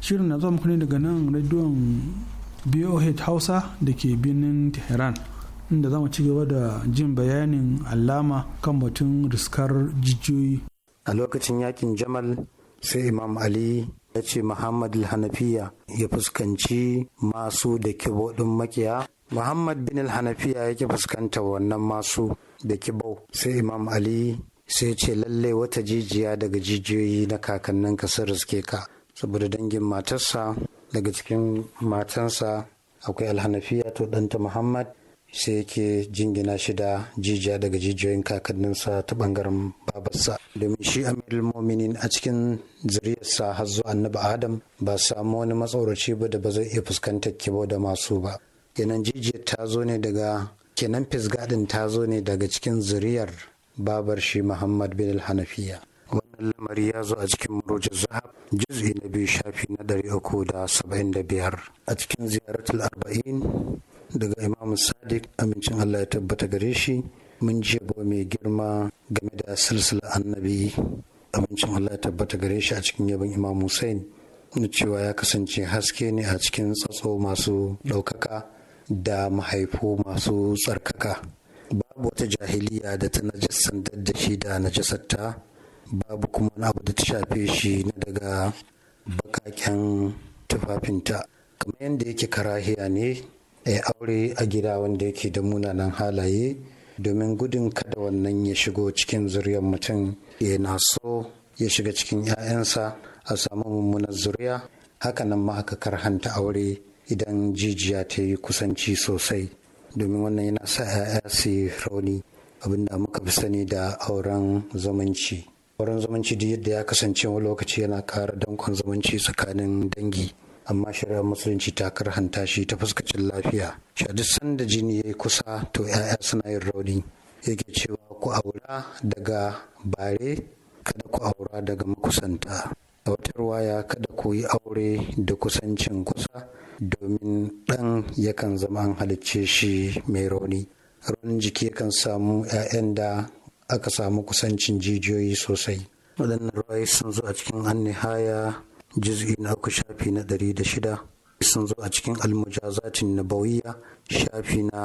shirin na zo muku ne daga nan rediyon boh hausa da ke birnin tehran inda zamu ci gaba da jin bayanin allama kan batun riskar jijiyoyi a lokacin yakin jamal sai imam ali ya ce muhammad hanafiya ya fuskanci masu da kibo ɗin makiya muhammad bin hanafiya yake fuskanta wannan masu da kibau sai imam ali sai ce lalle wata jijiya daga jijiyoyi na kakannin ka sun riske ka saboda dangin matarsa daga cikin matansa akwai alhanafiya to ɗanta muhammad sai yake jingina shida jijiya daga jijiyoyin kakanninsa ta bangaren babarsa domin shi a mominin a cikin zuriyarsa har zuwa annabi adam ba samu wani matsauraci ba da ba zai iya fuskantar kibo da masu ba kenan jijiyar ta zo ne daga kenan fisgadin ta zo ne daga cikin zuriyar babar shi muhammad bin alhanafiya. lamari ya zo a cikin murojin zahab juz'i na biyu shafi na ɗari uku da saba'in da biyar a cikin ziyaratul arba'in daga imamu sadiq amincin allah ya tabbata gare shi mun ji yabo mai girma game da silsila annabi amincin allah ya tabbata gare shi a cikin yabon imam hussein na cewa ya kasance haske ne a cikin tsatso masu ɗaukaka da mahaifu masu tsarkaka babu wata jahiliya da ta najasantar da shi da najasarta babu kuma wani abu da ta shafe shi na daga bakaken tufafinta kamar yadda yake karahiya ne a aure a gida wanda yake da munanan halaye domin gudun kada wannan ya shigo cikin zuriyar mutum ya na so ya shiga cikin 'ya'yansa a samu mummunar zuriya hakanan ma aka karhanta aure idan jijiya ta yi kusanci sosai domin wannan yana sa 'ya'ya su rauni abinda muka fi sani da auren zumunci wurin zumunci da yadda ya kasance wani lokaci yana kara dankon zumunci tsakanin dangi amma shari'ar musulunci ta karhanta shi ta fuskacin lafiya shadu sanda jini ya yi kusa to 'ya'ya suna yin rauni yake cewa ku aura daga bare kada ku aura daga makusanta a wata ruwaya kada ku yi aure da kusancin kusa domin ɗan yakan zama an halicce shi mai rauni raunin jiki yakan samu 'ya'yan da aka samu kusancin jijiyoyi sosai waɗannan ruwaye sun zo a cikin nihaya jizgi na uku shafi na ɗari da shida sun zo a cikin almujazatin nabawiyya shafi na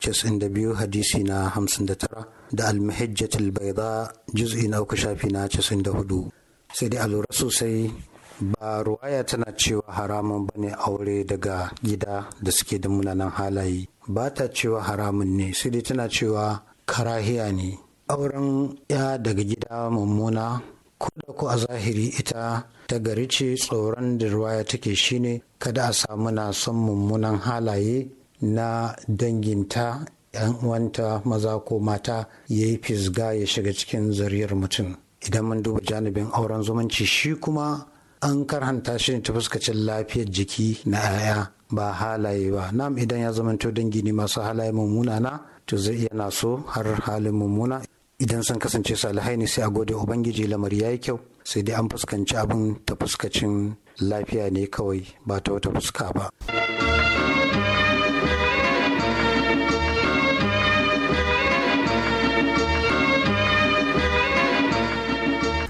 casin da biyu hadisi na hamsin da tara da almahajjatul baida jizgi na uku shafi na casin da hudu sai dai alura lura sosai ba ruwaya tana cewa haramun ba ne aure daga gida da suke da munanan halaye ba ta cewa haramun ne sai dai tana cewa karahiya ne auren ya daga gida mummuna ko da ku a zahiri ita ta gari ce tsoron da ruwaya take shine kada a samu na son mummunan halaye na danginta yan uwanta maza ko mata ya yi fisga ya shiga cikin zariyar mutum idan mun duba janibin auren zumunci shi kuma an karhanta shi ta fuskacin lafiyar jiki na 'ya'ya ba halaye ba nam idan ya zamanto dangi ne masu halaye mummuna na to zai iya naso har halin mummuna idan sun kasance salihai ne sai a gode ubangiji lamari ya yi kyau sai dai an fuskanci abin ta fuskacin lafiya ne kawai ba ta wata fuska ba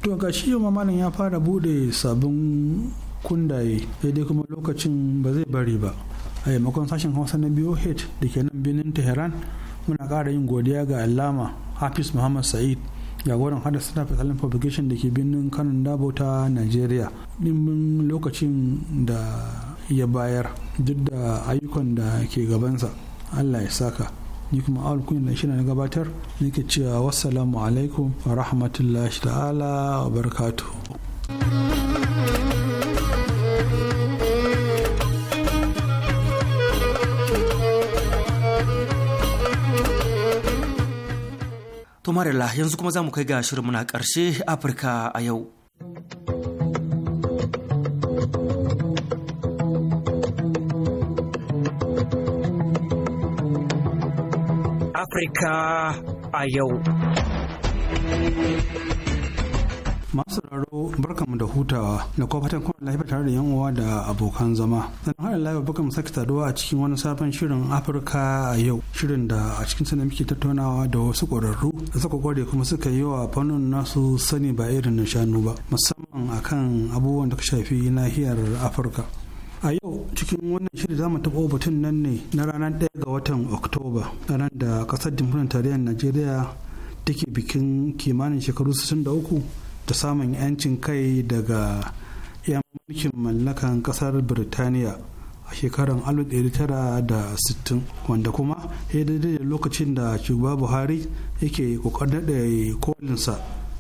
to ga shi yi ya fara bude sabon kundaye daidai kuma lokacin ba zai bari ba a yamakon sashen hausa na biyu da ke nan birnin tehran muna ƙara yin godiya ga alama hafiz muhammad sa'id jagoran hada suna fasalin publication da ke birnin kanon dabota ta nigeria lokacin da ya bayar duk da ayyukan da ke gabansa allah ya saka ni kuma awal kunya da shi na gabatar ke cewa wasu alaikum wa rahmatullahi ta'ala wa barakatuhu Marilla yanzu kuma za mu kai ga shirin muna ƙarshe Afirka a yau. Afirka a yau. masu raro barkan mu da hutawa da kuma fatan kuma lafiya tare da yan uwa da abokan zama dan har Allah baka mu saki saduwa a cikin wani sabon shirin Afirka a yau shirin da a cikin sa muke tattaunawa da wasu ƙwararru da suka kware kuma suka yi wa fannin nasu sani ba irin na shanu ba musamman akan abubuwan da ka shafi nahiyar Afirka a yau cikin wannan shirin zamu taɓa batun nan ne na ranar 1 ga watan oktoba ranar da ƙasar jamhuriyar tarayyar najeriya take bikin kimanin shekaru 63 da samun 'yancin kai daga 'yan mulkin mallakan kasar birtaniya a shekarar 1960 wanda kuma ya daidai da lokacin da shugaba buhari yake kokarin da kolinsa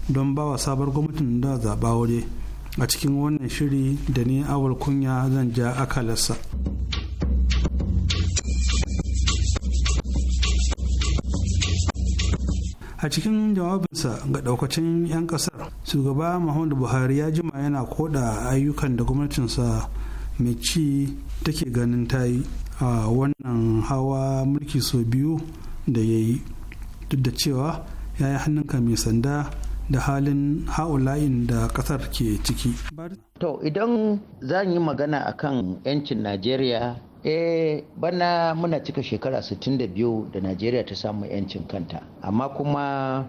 don ba wa sabar gwamnatin da zaba waje a cikin wannan shiri da ni awal kunya zan ja akalarsa. a cikin jawabinsa ga daukacin 'yan kasar shugaba muhammadu buhari ya jima yana koda ayyukan da gwamnatinsa mai ci take ganin ta yi a wannan hawa mulki sau biyu da ya yi duk da cewa ya yi hannunka mai sanda da halin ha'ula'in da kasar ke ciki. To idan zan yi magana akan 'yancin Najeriya eh bana muna cika shekara 62 da najeriya ta samu 'yancin kanta amma kuma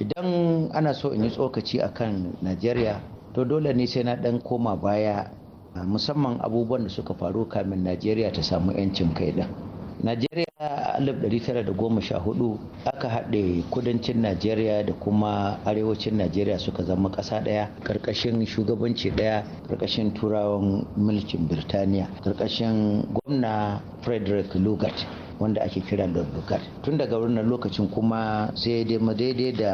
idan ana so in yi tsokaci a kan najeriya to dole ne sai na dan koma baya musamman abubuwan da suka faru kamin najeriya ta samu 'yancin kai ɗin najeriya ɗari tara da goma sha 1914 aka haɗe kudancin najeriya da kuma arewacin najeriya suka zama ƙasa ɗaya ƙarƙashin shugabanci ɗaya ƙarƙashin turawan mulkin birtaniya ƙarƙashin gwamna frederick lugard wanda ake kira dodokar tun daga wurin lokacin kuma sai daidai da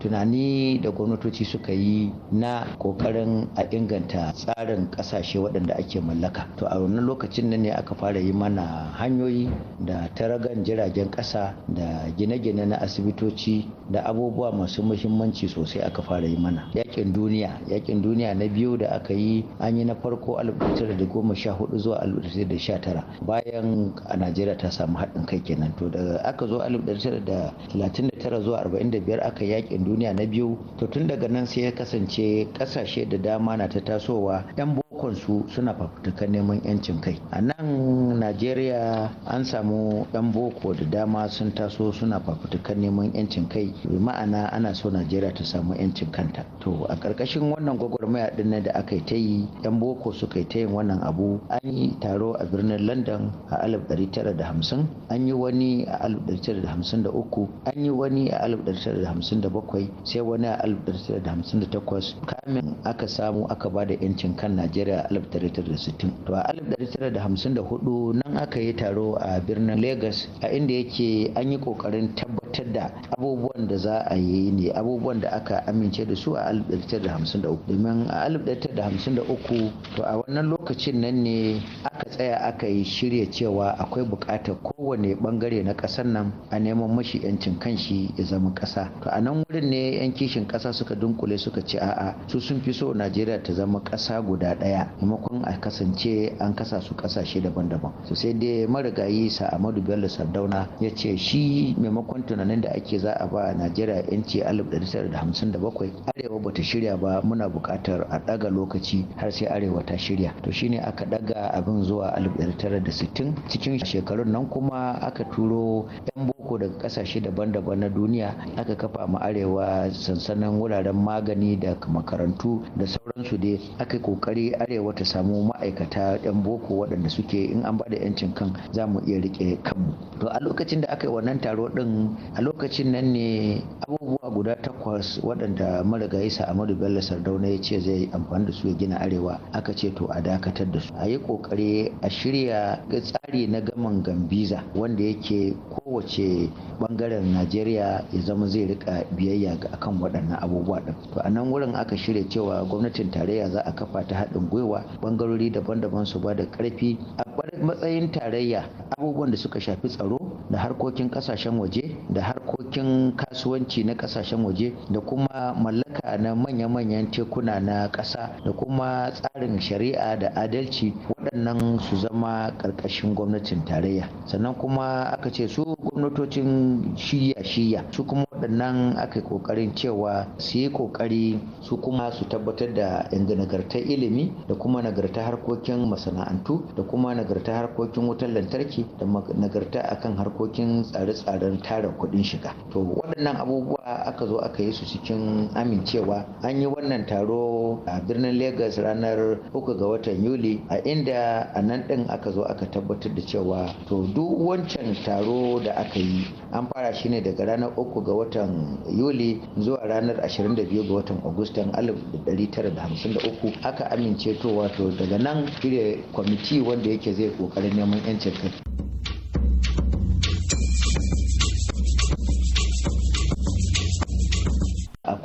tunani da gwamnatoci suka yi na kokarin a inganta tsarin kasashe waɗanda ake mallaka to a wannan lokacin nan ne aka fara yi mana hanyoyi da taragan jiragen ƙasa da gine-gine na asibitoci da abubuwa masu muhimmanci sosai aka fara yi mana yakin duniya yakin duniya na biyu da aka yi an yi na farko 1914 zuwa 1919 bayan a najeriya ta samu samu haɗin kai kenan to da aka zo 1939 zuwa 45 aka yakin duniya na biyu to tun daga nan sai ya kasance kasashe da dama na ta tasowa 'yan su suna fafutukar neman 'yancin kai a nan najeriya an samu 'yan boko da dama sun taso suna fafutukar neman 'yancin kai ma'ana ana so najeriya ta samu 'yancin kanta to a ƙarƙashin wannan gwagwarmaya ɗin da aka yi ta yi 'yan boko suka yi ta yin wannan abu an yi taro a birnin london a 1950 an yi wani a alif da hamsin da uku an yi wani a alif da hamsin da bakwai sai wani a alif da hamsin da takwas kamin aka samu aka ba da yancin kan najeriya a alif da sittin to a alif da hamsin da hudu nan aka yi taro a birnin lagos a inda yake an yi ƙoƙarin tabbatar aiwatar da abubuwan da za a yi ne abubuwan da aka amince da su a 1953 domin a 1953 to a wannan lokacin nan ne aka tsaya aka yi shirya cewa akwai bukatar kowane bangare na ƙasar nan a neman mashi 'yancin kanshi ya zama kasa to a nan wurin ne 'yan kishin ƙasa suka dunkule suka ce a'a su sun fi so najeriya ta zama ƙasa guda ɗaya maimakon a kasance an kasa su kasashe daban-daban sosai sai dai marigayi sa amadu bello sardauna ya ce shi maimakon nan da ake za a ba najeriya yanci alif da bakwai arewa bata shirya ba muna bukatar a daga lokaci har sai arewa ta shirya to shine aka daga abin zuwa alif sittin cikin shekarun nan kuma aka turo 'yan boko daga kasashe daban-daban na duniya aka kafa ma arewa sansanin wuraren magani da makarantu da sauransu dai aka kokari arewa ta samu ma'aikata 'yan boko waɗanda suke in an bada 'yancin kan za mu iya riƙe kanmu to a lokacin da aka yi wannan taro ɗin a lokacin nan ne abubuwa guda takwas waɗanda marigayi Amadu Bello Sardauna ya ce zai amfani da su ya gina arewa aka ce to a dakatar da su a yi ƙoƙari, a shirya ga tsari na gaman gambiza wanda yake kowace ɓangaren Najeriya ya zama zai rika biyayya ga akan waɗannan abubuwa ɗin to a nan wurin aka shirya cewa gwamnatin tarayya za a kafa ta haɗin gwiwa bangarori daban-daban su ba da ƙarfi a matsayin tarayya abubuwan da suka shafi tsaro da harkokin ƙasashen waje da harkokin kasuwanci na kasashen waje da kuma mallaka na manya-manyan tekuna na ƙasa da kuma tsarin shari'a da adalci waɗannan su zama ƙarƙashin gwamnatin tarayya sannan kuma aka ce su gwamnatocin shirya-shirya su kuma waɗannan aka ƙoƙarin cewa su yi ƙoƙari su kuma su tabbatar da yanzu nagartar ilimi da kuma nagarta harkokin masana'antu da kuma nagarta harkokin wutar lantarki da nagarta akan harkokin tsare-tsaren tara kuɗin shiga to waɗannan abubuwa aka zo aka yi su cikin amincewa an yi wannan taro a birnin lagos ranar uku ga watan yuli a inda a nan ɗin aka zo aka tabbatar da cewa to duk wancan taro da aka yi an fara shi ne daga ranar uku ga watan yuli zuwa ranar 22 ga watan agustan 1953 aka amince to wato daga nan shirya kwamiti wanda yake zai kokarin neman 'yancin kai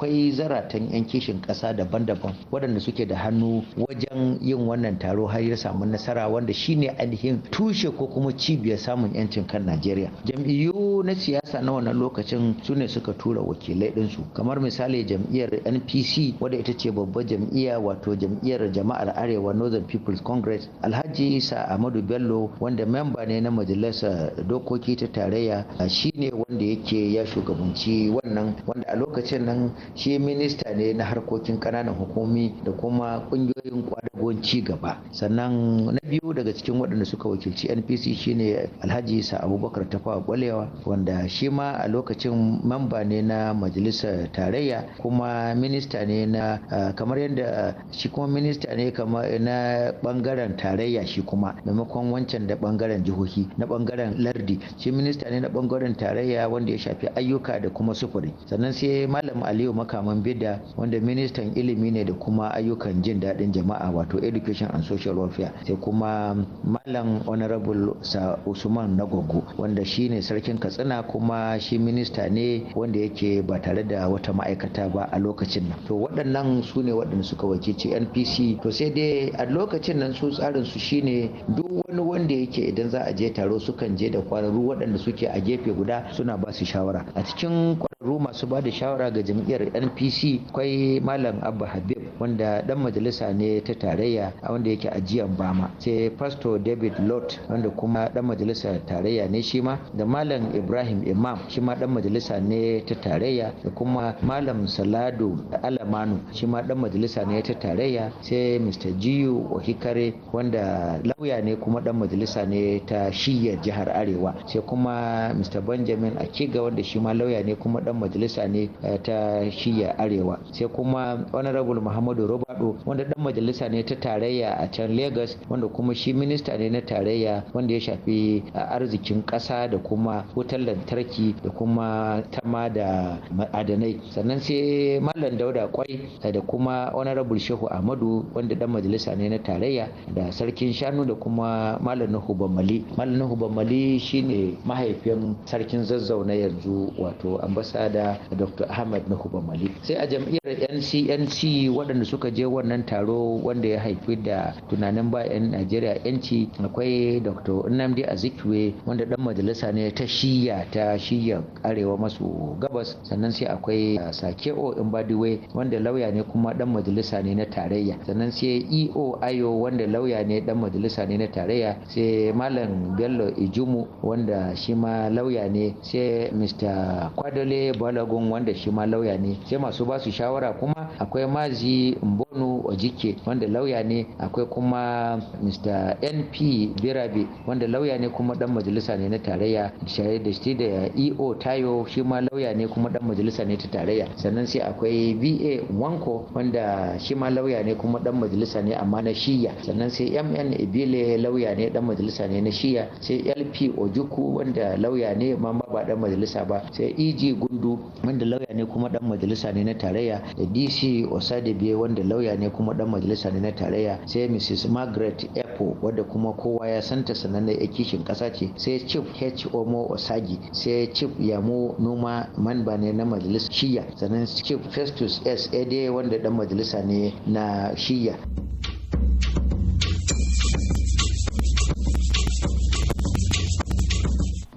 akwai zaratan 'yan kishin ƙasa daban-daban waɗanda suke da hannu wajen yin wannan taro har ya samu nasara wanda shine ainihin tushe ko kuma cibiyar samun 'yancin kan Najeriya. Jam'iyyu na siyasa na wannan lokacin su ne suka tura wakilai ɗinsu kamar misali jam'iyyar NPC wadda ita ce babbar jam'iyya wato jam'iyyar jama'ar Arewa Northern People's Congress Alhaji Isa Ahmadu Bello wanda memba ne na majalisar dokoki ta tarayya shine wanda yake ya shugabanci wannan wanda a lokacin nan shi minista ne na harkokin kananan hukumi da kuma ƙungiyoyin kwadagon ci gaba sannan na biyu daga cikin waɗanda suka wakilci npc shine alhaji sa abubakar tafa kwalewa wanda shi ma a lokacin mamba ne na majalisar tarayya kuma minista ne na kamar yadda shi kuma minista ne kamar na bangaren tarayya shi kuma maimakon wancan da bangaren jihohi na bangaren lardi shi minista ne na bangaren tarayya wanda ya shafi ayyuka da kuma sufuri sannan sai malam aliyu makaman bid'a wanda ministan ilimi ne da kuma ayyukan jin daɗin jama'a wato education and social welfare sai kuma malam honorable sa usman nagogo wanda shi ne sarkin katsina kuma shi minista ne wanda yake ba tare da wata ma'aikata ba a lokacin nan to waɗannan su ne waɗanda suka wakilci npc to sai dai a lokacin nan su tsarin su shine duk wani wanda yake idan za a je taro sukan je da kwararru waɗanda suke a gefe guda suna ba su shawara a cikin shekaru masu ba da shawara ga jam'iyyar npc akwai malam abba habib wanda dan majalisa ne ta tarayya a wanda yake ajiyan bama sai pastor david lot wanda kuma dan majalisa tarayya ne shi ma da malam ibrahim imam shi ma dan majalisa ne ta tarayya da kuma malam salado alamanu shi ma dan majalisa ne ta tarayya sai mr jiyu ohikare wanda lauya ne kuma dan majalisa ne ta shiyar jihar arewa sai kuma mr benjamin akiga wanda shi ma lauya ne kuma dan majalisa ne eh, ta shiya arewa sai kuma honorable muhammadu robado wanda dan majalisa ne ta tarayya a can lagos wanda kuma shi minista ne na tarayya wanda ya shafi eh, arzikin ƙasa da kuma wutar lantarki da kuma tama da ma'adanai sannan sai mallam dauda kwai eh, da kuma honorable shehu ahmadu wanda dan majalisa ne na tarayya da sarkin shanu da kuma mallam nuhu bamali mallam nuhu bamali shine mahaifin sarkin zazzau na yanzu wato ambasa da dr ahmad nuhuba Mali. sai a jam'iyyar ncnc waɗanda suka je wannan taro wanda ya haifi da tunanin ba 'yan najeriya yanci akwai dr nnamdi azikiwe wanda ɗan majalisa ne ta shiya ta shiya arewa maso gabas sannan sai akwai uh, sakeo imbadiwe wanda lauya ne kuma ɗan majalisa ne na tarayya sannan sai eo ayo wanda lauya ne ɗan majalisa ne na tarayya sai malam bello ijumu wanda shi ma lauya ne sai mr kwadole balagun wanda shi ma lauya ne sai masu ba su shawara kuma akwai mazi mbonu ojike wanda lauya ne akwai kuma mr np birabe wanda lauya ne kuma dan majalisa ne na tarayya share da shi da eo tayo shi ma lauya ne kuma dan majalisa ne ta tarayya sannan sai akwai ba wanko wanda shi ma lauya ne kuma dan majalisa ne amma na shiya sannan sai mn ibile lauya ne dan majalisa ne na shiya sai lp ojuku wanda lauya ne ma ba dan majalisa ba sai eg gun Abdu wanda lauya ne kuma dan majalisa ne na tarayya da DC Osadebiye wanda lauya ne kuma dan majalisa ne na tarayya sai Mrs Margaret Epo wadda kuma kowa ya santa sananne ya kishin kasa ce sai Chief H Omo Osagi sai Chief Yamo Noma Manba ne na majalisa Shiya sannan Chief Festus S Ede wanda dan majalisa ne na Shiya.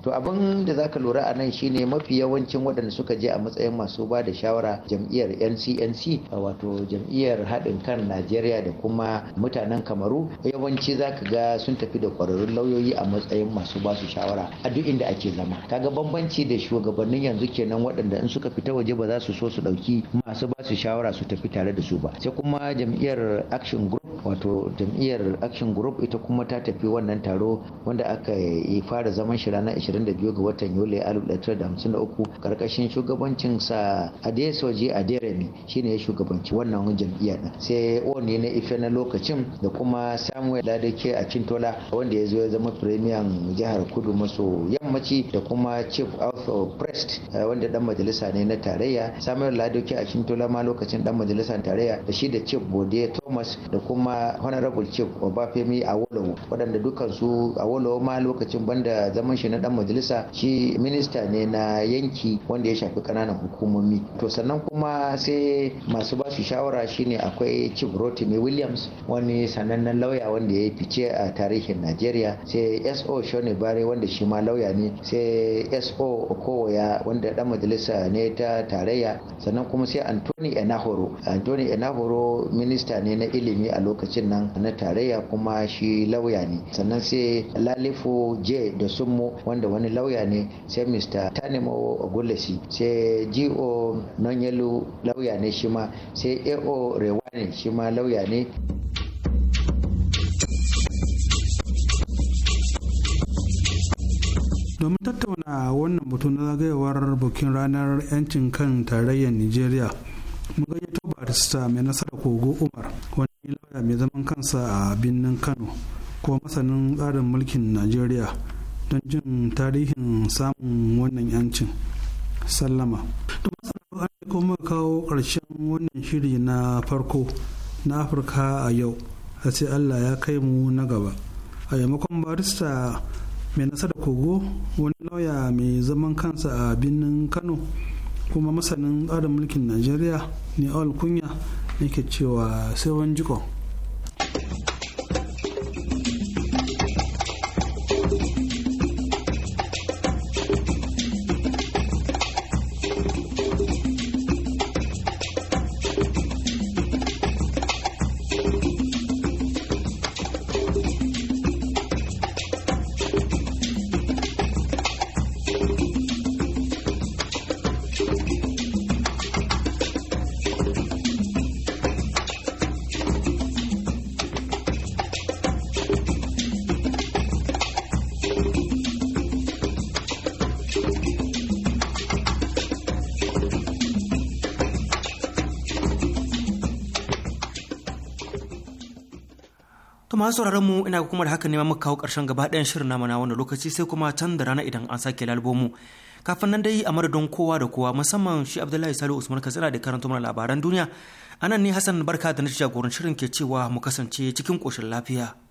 to abin da zaka lura a nan shine mafi yawancin waɗanda suka je a matsayin masu ba da shawara jam'iyyar ncnc wato jam'iyyar haɗin kan najeriya da kuma mutanen kamaru yawanci zaka ga sun tafi da ƙwararrun lauyoyi a matsayin masu ba su shawara a duk inda ake zama kaga bambanci da shugabannin yanzu kenan waɗanda in suka fita waje ba za su so su ɗauki masu ba su shawara su tafi tare da su ba sai kuma jam'iyyar action group wato jam'iyyar action group ita kuma ta tafi wannan taro wanda aka yi fara zaman shi ranar 22 ga watan Yuli 1953 karkashin shugabancin sa Adesoji Aderemi shine ya shugabanci wannan jam'iyyar sai Oni na Ife na lokacin da kuma Samuel a Akintola wanda ya zo ya zama firemiyan jihar Kudu maso yammaci da kuma Chief of Prest eh, wanda dan majalisa ne na tarayya Samuel a cintola ma lokacin dan majalisa tarayya da shi da Chief Bode Thomas da kuma Honorable Chief Obafemi Awolowo waɗanda dukansu Awolowo ma lokacin banda zaman shi na dan majalisa shi minista ne na yanki wanda ya shafi ƙananan hukumomi to sannan kuma sai masu ba su shawara shine akwai chief rotimi williams wani sanannen lauya wanda ya fice a tarihin najeriya sai so shone bare wanda shi ma lauya ne sai so okoya wanda dan majalisa ne ta tarayya sannan kuma sai anthony enahoro anthony enahoro minista ne na ilimi a lokacin nan na tarayya kuma shi lauya ne sannan sai lalifu j da summo wanda wani lauya ne sai mr tanimo ogulesi sai go nonyelu lauya ne shi ma sai ao rewani shi ma lauya ne domin tattauna wannan batu na zagayewar bukin ranar 'yancin kan tarayyar nigeria mun gayyato barista mai nasara kogo umar wani lauya mai zaman kansa a birnin kano ko masanin tsarin mulkin nigeria don jin tarihin samun wannan yancin sallama kuma kawo ƙarshen wannan shiri na farko na afirka a yau a ce allah ya kai mu na gaba a yamakon barista mai nasara kogo wani lauya mai zaman kansa a birnin kano kuma masanin tsarin mulkin najeriya ne awal kunya yake cewa sai wani jikon masu sauraron mu ina kuma da haka ne muka kawo karshen gaba ɗayan shirin namu na wannan lokaci sai kuma can da rana idan an sake lalbo mu. Kafin nan dai a madadin kowa da kowa musamman shi Abdullahi Salihu Usman Katsina da karanta mana labaran duniya. Anan ne Hassan Barka da na jagoran shirin ke cewa mu kasance cikin koshin lafiya.